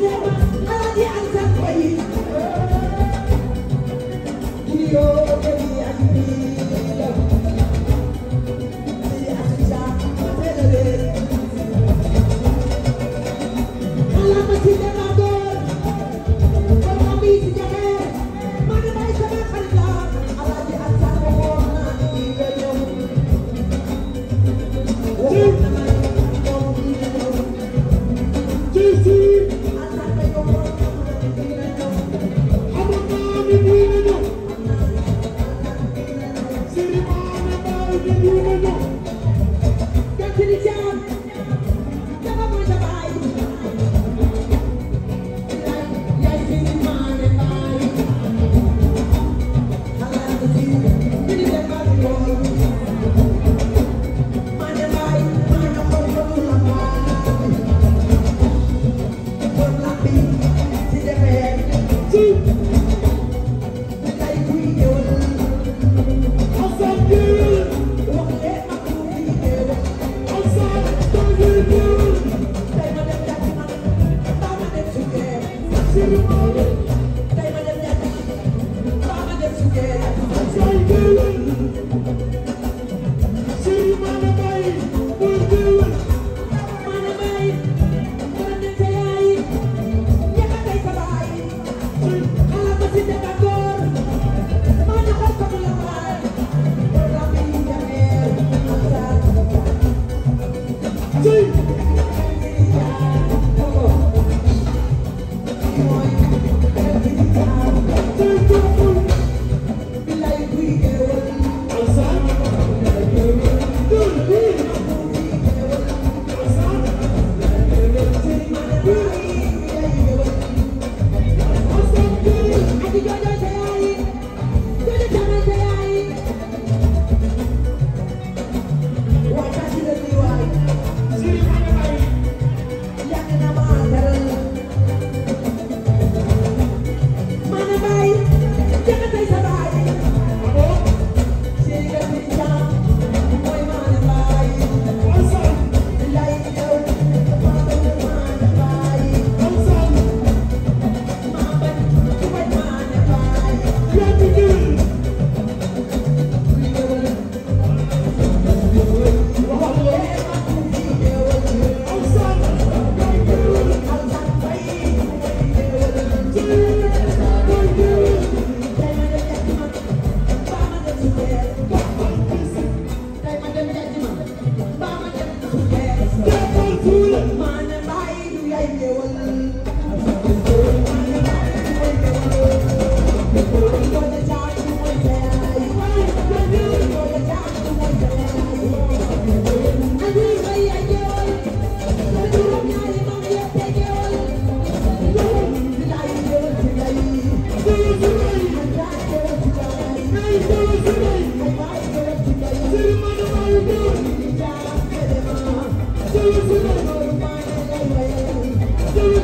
Merci bien. Thank you.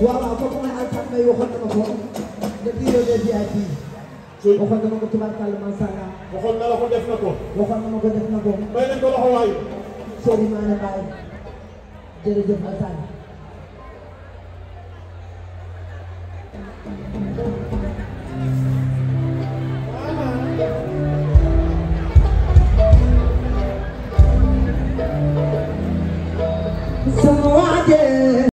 waaw comme a alxam nay waxoon na ma ko depuis le VIP waxoon na ma ko tubaarkàlla macha allah. waxoon na la ko def na ko. waxoon na ma ko def na ko. may nañ